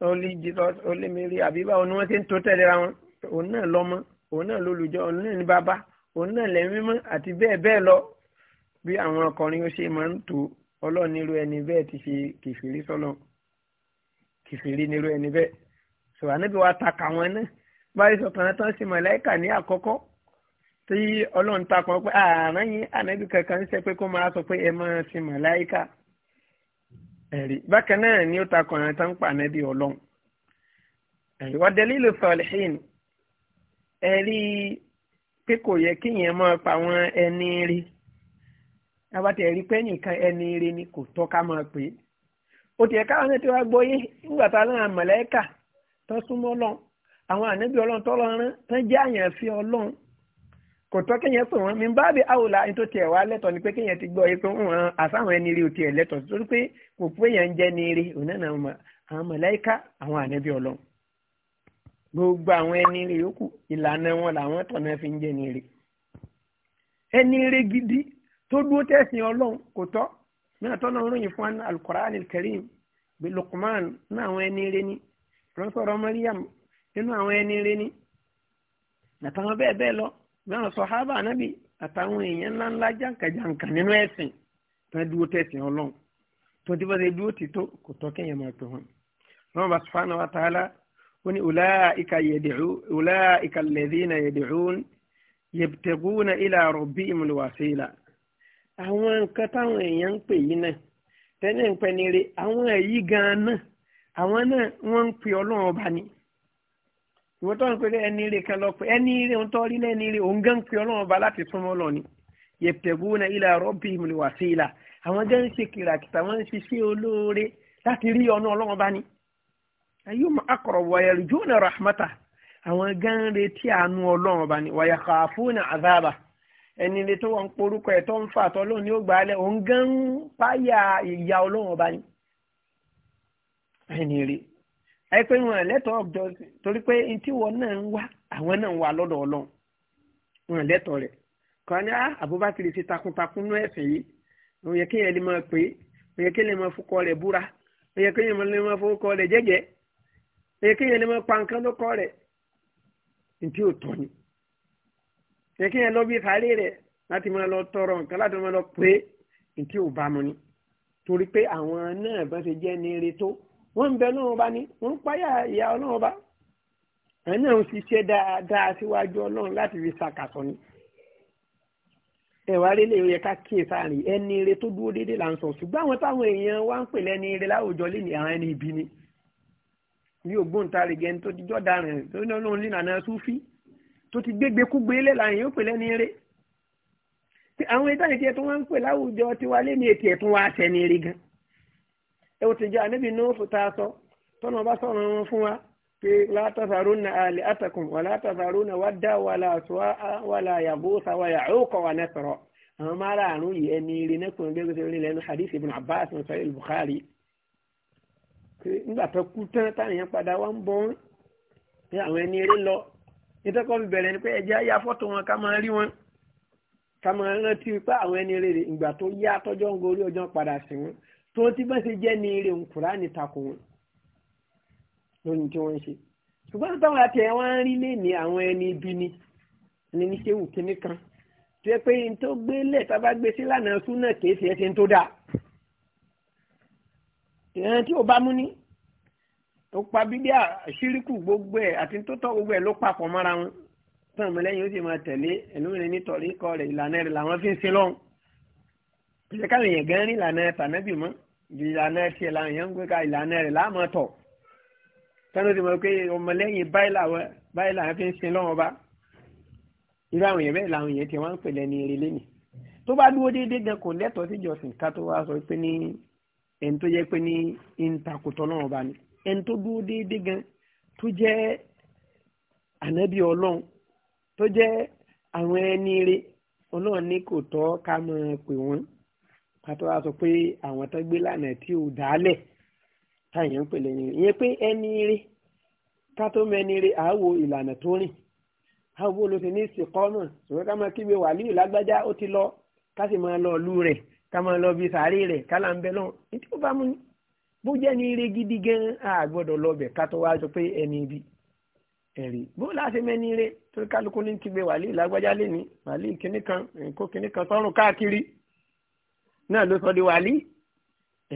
A: olè jesus olèmírí àbíbá òun ni wọ́n ti ń tó tẹ̀léra wọn òun náà lọ́mọ òun náà lólùjọ òun náà ní bàbá òun náà lẹ́mímọ́ àti bẹ́ẹ̀ bẹ́ẹ̀ lọ bí àwọn ọkùnrin ó ṣe máa ń tó ọlọ́ọ̀nirú ẹni bẹ́ẹ̀ ti ṣe kẹfìrí sọ́lọ́ kẹfìrí nirú ẹni bẹ́ẹ̀ sọ̀rọ̀ ànábì wa ta kà wọ́n náà báyìí sọ̀tàn tán sí màláìkà ní àkọ́kọ́ tí ọlọ́run ta kan pé àárín yín ànábì kankan ń ṣe pé kó máa sọ pé ẹ máa sí màláìkà ẹ̀rí bákan náà ni ó ta kan àwọn tán pa ànábì ọlọ́run ẹ̀rí wọ́n dẹ́lí ló salihin ẹ̀rí pé kò yẹ kíyẹn máa pa àwọn ẹni rí abati ẹ̀rí pé nìkan ẹni rí ni kò tọ́ ká máa pè é ó káwọn náà ti wá gbọ́ yé náà màláìkà tó súnmọ́ ọlọ́run àwọn ànábì ọlọ́run tó lọ́rán tó jẹ́ àyàn fi ọlọ́run kò tọ́ kéèyàn pè wọ́n mi bá bí àwòlá ẹni tó tiẹ̀ wá lẹ́tọ̀ ni pé kéèyàn ti gbọ́ pé wọ́n àsáwọn ẹni rí o tiẹ̀ lẹ́tọ̀ torí pé kò pé èèyàn ń jẹ́ ni rí onínà àwọn màláíkà àwọn ànábì ọlọ́run gbogbo àwọn ẹni rí yòókù ìlànà wọn làwọn tọ̀nà fi ń jẹ́ ni rí ẹni rí gidi tó dúró tẹ̀sìn ọlọ́run kò tọ́ mìíràn tọ́lọ́run ròyìn fún Al-Qur'an Al-Karim Luqman náà àwọn ẹni rí ni rọ́sọ̀rọ̀ Mariam nínú àwọn ẹni reni àtàwọn bẹ́ẹ̀ bẹ́ẹ̀ lọ bẹ́ẹ̀ sọ̀hábà ànábì àtàwọn èèyàn ńláńlá jàǹkàjàǹkà nínú ẹ̀sìn tó ń dúró tẹ̀sìn ọlọ́run tó ti bá ṣe dúró tító kò tọ́ kéèyàn máa pè wọ́n. wọ́n bá subhanahu wa ta'ala ó ní ulaika yad'un ulaika alladhina yad'un yabtaguna ila rabbihimul wasila. àwọn nǹkan táwọn èèyàn ń pè yìí náà tẹ́lẹ̀ ń pẹ́ nílé àwọn èyí gan-an náà àwọn náà wọ́n ń pe ọlọ́run ọba ni ìwọ tó ń pe ẹni rè kan lọ pé ẹni rè ń tọ́rí lẹ́ni rè òun gán pe ọlọ́run ọba láti súnmọ́ lọ ni yabtaguna ila rabbihimul wasila àwọn gán ń ṣe kìràkìtà wọ́n ń ṣiṣẹ́ olóore láti rí ọ̀nà ọlọ́run ọba ni ayyum aqrab wa yarjuna rahmata àwọn gán ń retí àánú ọlọ́run ọba ni wa yakhafuna azaba ẹni rè tó wọn porúkọ ẹ̀ tó ń fà tọ́lọ́ ni ó gbà á lẹ́ òun ẹni rí ẹ pé wọn lẹ́tọ̀ọ́ jọ́sìn torí pé ntí wọn náà ń wá àwọn náà ń wá lọ́dọ̀ Ọlọ́run wọn lẹ́tọ̀ọ́ rẹ̀ kàn a ah, Abubakar ti takuntakun nú ẹ̀sìn yìí òun yẹ kéèyàn lè máa pè é òun yẹ kéèyàn lè máa fọkọ rẹ̀ búra òun yẹ kéèyàn lè máa fọkọ rẹ̀ jẹ́jẹ́ òun yẹ kéèyàn lè máa pa nǹkan lókọ rẹ̀ ntí ò tọ́ ni òun yẹ kéèyàn lọ bí sáré rẹ̀ láti máa lọ tọrọ nǹkan láti máa lọ pè é ntí ò bá mu ni torí pé àwọn náà bá ti jẹ́ ní eré tó wọ́n ń bẹ ọlọ́run bá ní wọ́n ń páyà ìyá ọlọ́run bá ẹni náà ń ṣiṣẹ́ dáadáa síwájú ọlọ́run láti fi ṣàkàtọ̀ ni ẹ̀wà rẹ̀ lè yẹ ká kíyè sáàrin ẹni rẹ̀ tó dúró déédéé là ń sọ ṣùgbọ́n àwọn táwọn èèyàn wá ń pè lẹ́ni rẹ̀ láwùjọ lé ní àwọn ẹni ibi ni bí ògbóǹtarìgì ẹni tó ti jọ́ darìn tó ní ọlọ́run nílànà súfí tó ti gbégbé kúgbé lé làwọn èèyàn pè lẹ́ni rẹ̀ àwọn ìtàn ẹ wò ti jẹ́ ànábì Nuhu tá a sọ tọ́nà bá sọ̀rọ̀ wọn fún wa pé látàzàrúnà àlẹ́ àtàkùn wà látàzàrúnà wàdà wàlà yàbúsà wà ya'uqa wà nasra àwọn márààrún yìí ẹni rí nẹ́kùnrin gẹ́gẹ́ tó rí lẹ́nu hadith ibn Abbas ní sahih Bukhari nígbà tó kú tán táwọn yẹn padà wá ń bọ́ wọn pé àwọn ẹni rí lọ nítọ́kọ́ fi bẹ̀rẹ̀ ni pé ẹjẹ́ ayá fọ́tò wọn ká máa rí wọn ká máa rántí pé àwọn ẹni rí ìgbà tó yá tọ́jọ́ ń gorí ọjọ́ padà sí wọn tó ti bá ṣe jẹ́ ní eré Kùránì takò wọn lórí tí wọ́n ń ṣe ṣùgbọ́n táwọn àti ẹ̀ ń rí lé ní àwọn ẹni ibi ni ní ní ṣéwù kínní kan tó yẹ pé n tó gbé lẹ̀ tá a bá gbé sí lánàá súnà kéé tiẹ̀ ṣe ń tó dáa ìran tí ó bá mú ní ó pa bíbí àṣírìkù gbogbo ẹ̀ àti tó tọ́ gbogbo ẹ̀ ló papọ̀ mọ́ra wọn tán mọ́lẹ́yìn ó sì máa tẹ̀lé ẹlòmíràn nítorí ikọ̀ rẹ̀ ìlànà rẹ̀ làwọn fi ń sin lọ́hùn ìṣèkáwọn èèyàn gan rí ìlànà tànábì mọ́ ìlànà tiẹ̀ làwọn èèyàn ń gbé ka ìlànà rẹ̀ láàmọ́ tọ̀ tẹ́lẹ̀ ó ti mọ̀ pé ọmọlẹ́yìn báyìí làwọn fi ń sin lọ́wọ́ bá irú àwọn èèyàn bẹ́ẹ̀ làwọn èèyàn tiẹ̀ wá ń pè lẹ́ni eré lẹ́nì tó bá dúró déédéé gan kò lẹ́tọ̀ọ́ sí ìjọsìn ká tó wá sọ pé ní ẹni tó jẹ́ pé ní ìntakùtọ̀ lọ́wọ́ bá ní ẹni tó dúró déédéé gan tó jẹ́ ànábì ọlọ́run tó jẹ́ àwọn ẹni eré ọlọ́run ní kò tọ́ ká máa pè wọ́n kátó wá sọ pé àwọn tó gbé lànà tí ò dálẹ̀ táyà ń pèlè yẹn ìyẹn pé ẹni rí kátó mẹni rí àáwo ìlànà tó rìn àáwo ló ti ní ìsìnkọ́nà ṣùgbọ́n ká máa kígbe wàlíì lágbájá ó ti lọ ká sì máa lọ lú rẹ̀ ká máa lọ bí sàárè rẹ̀ ká là ń bẹ lọ́n ní tí ó bó jẹ́ ní ire gidi gan-an a gbọ́dọ̀ lọ bẹ̀ ká tó wá sọ pé ẹni ibi ẹ̀rí bó láti mẹ́ni ire kálukú ní kígbe wàlíì lágbájá lé kan nǹkó kíní kan sọ́run káàkiri náà ló sọ di wálí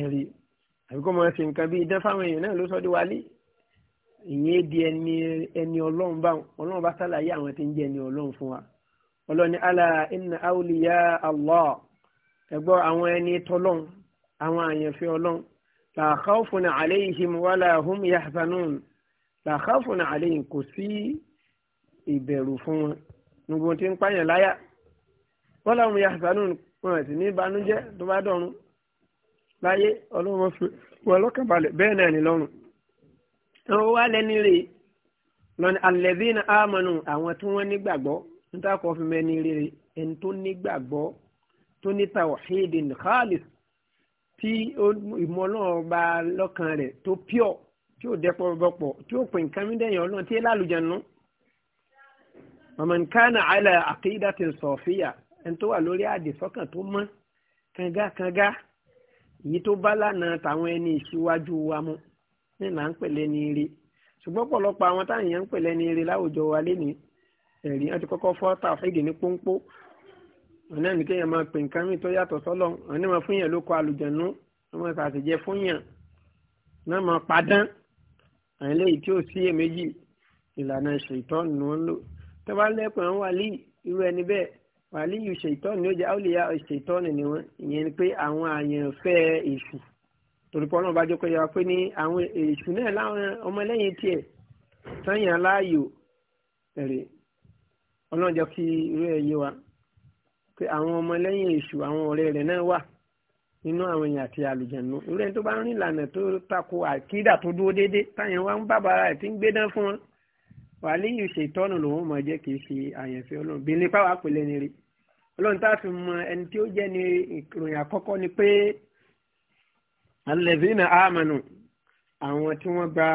A: ẹ̀rí àbí kó máa ṣe nǹkan bíi idán fáwọn èèyàn náà ló sọ di wálí ìyẹn di ẹni ẹni ọlọ́run báwọn ọlọ́run bá sálàyé àwọn tí ń jẹ́ ẹni ọlọ́run fún wa ọlọ́ni ala inna awliya allah ẹgbọ́ àwọn ẹni tọ́lọ́n àwọn àyànfẹ́ ọlọ́run la khawfun alayhim wala yahzanun la khawfun kò sí ìbẹ̀rù fún wọn nígbà tí ń pààyàn láyà wala hum yahzanun wọn àti ní ìbànújẹ́ tó bá dọ̀run láyé ọlọ́wọ́ fi wọ́n lọ́kàn balẹ̀ bẹ́ẹ̀ náà ní lọ́run. àwọn wa lẹ́ni rè lọ́ni alẹ́bínà àmọ́nù àwọn tí wọ́n nígbàgbọ́ níta kọ́ fi mẹ́ni rè ẹni tó nígbàgbọ́ tó ní tawhidin khalis tí ìmọ̀ náà bá lọ́kàn rẹ̀ tó pure tí ó dẹ́pọ̀ bọ́pọ̀ tí ó pè nǹkan mídẹ́yìn ọlọ́run tí ó lálùjẹ̀nu. man kana ala aqidatin safiya ẹni tó wà lórí àdìsọ́kàn tó mọ́ kangakanga èyí tó bá lánàá tàwọn ẹni ìṣíwájú wa mú ní là ń pèlè ní ire ṣùgbọ́n pọ̀lọpọ̀ àwọn táwọn yẹn ń pèlè ní ire láwùjọ wa lénìí ẹ̀rí wọn ti kọ́kọ́ fọ́ tàfíìdì ní pọ́npọ́ wọn náà ní kéèyàn máa pè nǹkan mìíràn tó yàtọ̀ sọ́lọ̀ wọn ní wọn fún yẹn ló kọ àlùjànnú wọn máa ṣàṣejẹ fún yẹn náà máa padán àwọn eléyìí tí ó sí èméjì ìlànà ìṣètọ́ nù ún lò tẹ́wálẹ́kùn àwọn wàlíì wàlíyù ṣètọ́nù ló jẹ́ áwòlíyà ṣètọ́nù ni wọ́n ìyẹn ni pé àwọn àyànfẹ́ èṣù torípọ̀ náà bá jẹ́ pé yà pé ní àwọn èṣù náà láwọn ọmọlẹ́yìn tiẹ̀ sẹ́yìn aláàyò ẹ̀rẹ̀ ọlọ́run jẹ́ kí irú ẹ̀ yé wa pé àwọn ọmọlẹ́yìn èṣù àwọn ọ̀rẹ́ rẹ̀ náà wà nínú àwọn èèyàn àti àlùjànnú irú ẹni tó bá ń rìn ìlànà tó tako àkídà tó dúró déédéé táyẹn wá ń bàbára ẹ̀ tí ń gbé dán fún wọn wàlíyù ṣètọ́nù lòun mọ̀ jẹ́ kì í ṣe àyànfẹ́ ọlọ́run bí nípa wàá pèlè ni rí ọlọ́run tá a fi mọ ẹni tí ó jẹ́ ní ìròyìn àkọ́kọ́ ni pé alẹ́bínà àmànù àwọn tí wọ́n gba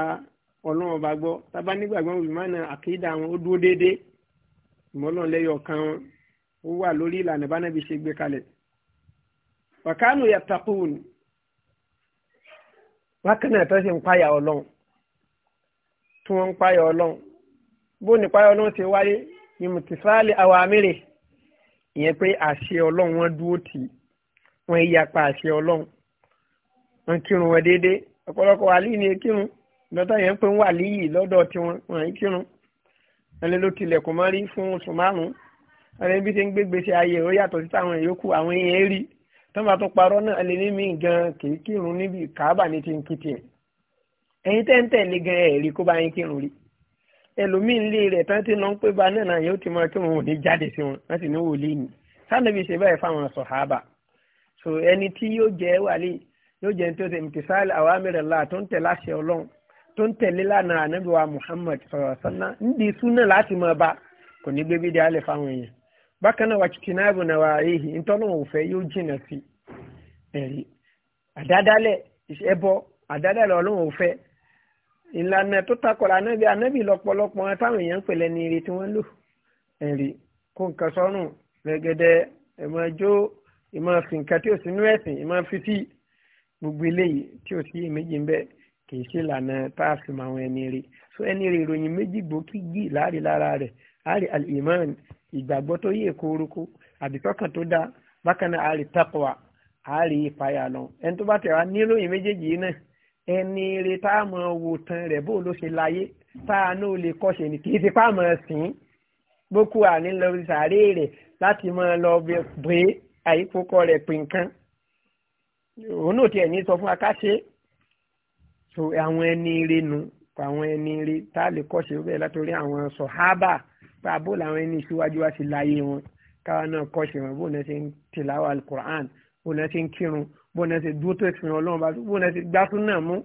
A: ọlọ́run ọba gbọ́ tábà nígbàgbọ́ olùmọ̀nà àkídà wọn ó dúró déédéé ìmọ̀lọ́run lẹ́yọ̀ kan ó wà lórí ìlànà bánàbí ṣe gbé kalẹ̀ wàkánù yàtàkùn wákàtí bó nípa ọlọ́run ṣe wáyé ìmùtìsáàlì àwọn amírè ìyẹn pé àṣẹ ọlọ́run wọn dúró tì í wọn yapa àṣẹ ọlọ́run wọn kírun wọn déédéé ọ̀pọ̀lọpọ̀ wàlí ni kírun lọ́tọ̀ yẹn ń pè ń wà líyì lọ́dọ̀ tiwọn wọn yìí kírun ẹni ló tilẹ̀kùn mọ́rí fún oṣù márùn-ún ẹni bí ṣe ń gbé gbèsè ayé ó yàtọ̀ sí táwọn yòókù àwọn èèyàn rí tọ́ba tó parọ́ náà ẹni ní mí gan kìí kírun níbi kàábà ní ti ń kí tiẹ̀ ẹ̀yin ní gan ẹ̀rí kó bá yín kírun rí ẹlòmíì ń lé rẹ̀ tán tí na ń pé ba náà yóò ti máa kí wọn ò ní jáde sí wọn láti ní ni sanabi ṣe báyìí fáwọn so ẹni tí yóò jẹ́ wàlí yóò jẹ́ tó ṣe mùtìsáàlì la tó ń tẹ̀lé àṣẹ ọlọ́run tó ń lánàá wa Muhammad sọ̀rọ̀ sánná níbi súnà láti máa bá kò ní gbé bídí alẹ́ fáwọn èèyàn bákan náà wà náà wà ntọ́nà yóò jìnà sí ẹ̀rí àdádálẹ̀ àdádálẹ̀ ọlọ́run ìlànà tó takọ̀rọ̀ anábì anábì lọ́pọ̀lọpọ̀ wọn táwọn èèyàn ń pèlẹ́ ní ire tí wọ́n lò ẹ̀rí kó nǹkan sọ́rùn gẹ́gẹ́dẹ́ ẹ̀mọ́ ẹjọ́ ìmọ̀ fi nǹkan tí ò sínú ẹ̀sìn ìmọ̀ fi gbogbo eléyìí tí ò sí èméjì ń bẹ kì í ṣe ìlànà tá a fi mọ àwọn ẹni rí so ẹni rí ìròyìn méjì gbòógì láàrí lára rẹ̀ àrí al-iman ìgbàgbọ́ tó yẹ kórókó àbítọ́kàn tó dáa bákan náà àrí taqwa àrí ìpayà lọ ẹni tó bá tẹ̀ wá níròyìn méjèèjì náà ẹni rẹ tá a mọ̀ wò tán rẹ̀ bó ló ṣe láyé tá a náà lè kọ́ṣe ní kì í ti pa mọ̀ sìn boko àní lọ sàárè rẹ̀ láti máa lọ bẹ àyíkókọ rẹ̀ pé nǹkan òun náà tiẹ̀ ní sọ fún akáṣe so àwọn ẹni rẹ nu àwọn ẹni rẹ tá a lè kọ́ṣe bẹ́ẹ̀ látòrí àwọn sọ̀hábà pé àbó làwọn ẹni síwájú wá sí láyé wọn káwa náà kọ́ṣe wọn bó náà ṣe ń tìláwà alukur'an bó náà ṣe ń kírun bọ́nà ṣe dúró tó ìfihàn ọlọ́run bá tún bọ́nà ṣe gbá tún náà mú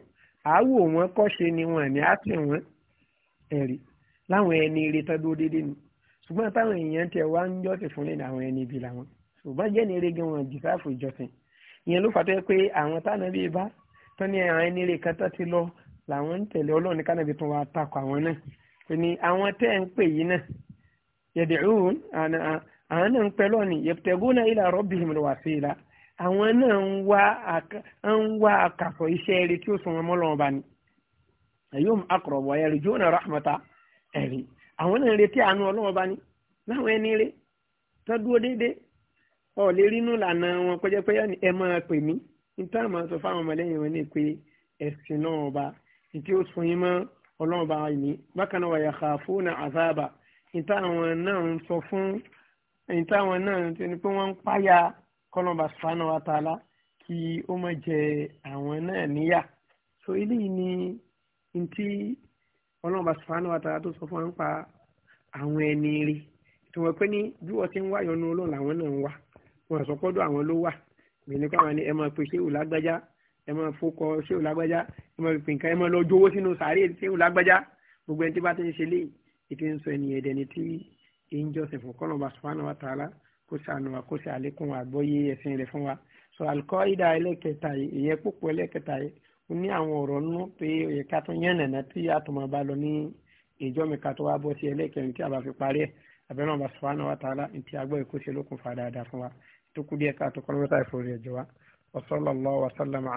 A: àáwò wọn kọ́ṣe ni wọn ní àpè wọn ẹ̀rí láwọn ẹni eré tán dúró déédéé ni ṣùgbọ́n táwọn èèyàn tẹ wá ń jọ́sìn fún lẹ́nu àwọn ẹni ibi làwọn ṣùgbọ́n jẹ́ eré gan wọn jù sáàfù ìjọsìn ìyẹn ló fàtọ́ pé àwọn táwọn bíi bá tán ní àwọn ẹni eré kan tán ti lọ làwọn ń tẹ̀lé ọlọ́run ní àwọn àwọn náà ń wá ń wá àkàkọ̀ iṣẹ́ eré tí ó sọ wọn mọ́lọ́wọ́n bá ní ẹ̀yọ́m akọ̀rọ̀bọ̀ ẹ̀rí jóná rahmata ẹ̀rí àwọn náà ń retí àánú ọlọ́wọ́n bá ní láwọn ẹni rẹ̀ tó dúró déédéé ọ̀ lè rínú lànà wọn pẹ́jẹ́pẹ́ ẹ máa pè mí nítorí àwọn sọ fáwọn ọmọlẹ́yìn wọn ní pé ẹ̀sìn náà ọba tí ó sọ yín mọ́ ọlọ́run ọba yìí bákan náà wàyà khafuna azaba nítorí àwọn náà ń sọ fún nítorí àwọn náà ń sọ kọ́lọ́mbà sùpánù àtàlà kí ó má jẹ àwọn náà níyà so eléyìí ni ntí ọlọ́mbà sùpánù àtàlà tó sọ fún wa ń pa àwọn ẹni rí ìtumọ̀ pé ní bí wọ́n ti ń wá yọnu ọlọ́run làwọn náà ń wá wọn àsọpọ́dọ̀ àwọn ló wà gbìyànjú káwọn ni ẹ máa pe ṣéwù lágbájá ẹ máa fọkọ ṣéwù lágbájá ẹ máa pè nǹkan ẹ máa lọ jówó sínú sàárè ṣéwù lágbájá gbogbo ẹni tí bá ti ń ṣe léyìí ètò ìsọ ẹnìyẹn dẹni tí ń jọsìn fún kọ́nà bá sùpánù kó sànù wa kó sì àlékún àgbọ́yé ẹ̀sìn rẹ̀ fún wa so alikọ́ìdà ẹlẹ́kẹta yìí ìyẹn púpọ̀ ẹlẹ́kẹta yìí ó ní àwọn ọ̀rọ̀ nínú pé òye ká tún yẹn nànà tí àtọmọ bá lọ ní ìjọ mi ká tó wá bọ́ sí ẹlẹ́kẹrin tí a bá fi parí ẹ̀ abẹ́rẹ́ wọn sọ fún wa tààlà ntí agbọ́ ìkóṣe lókun fa dáadáa fún wa tó kú díẹ̀ káàtó kọ́ lọ́wọ́ta ìfòrò ẹ̀jọ̀ wa wa sallallahu wa sallama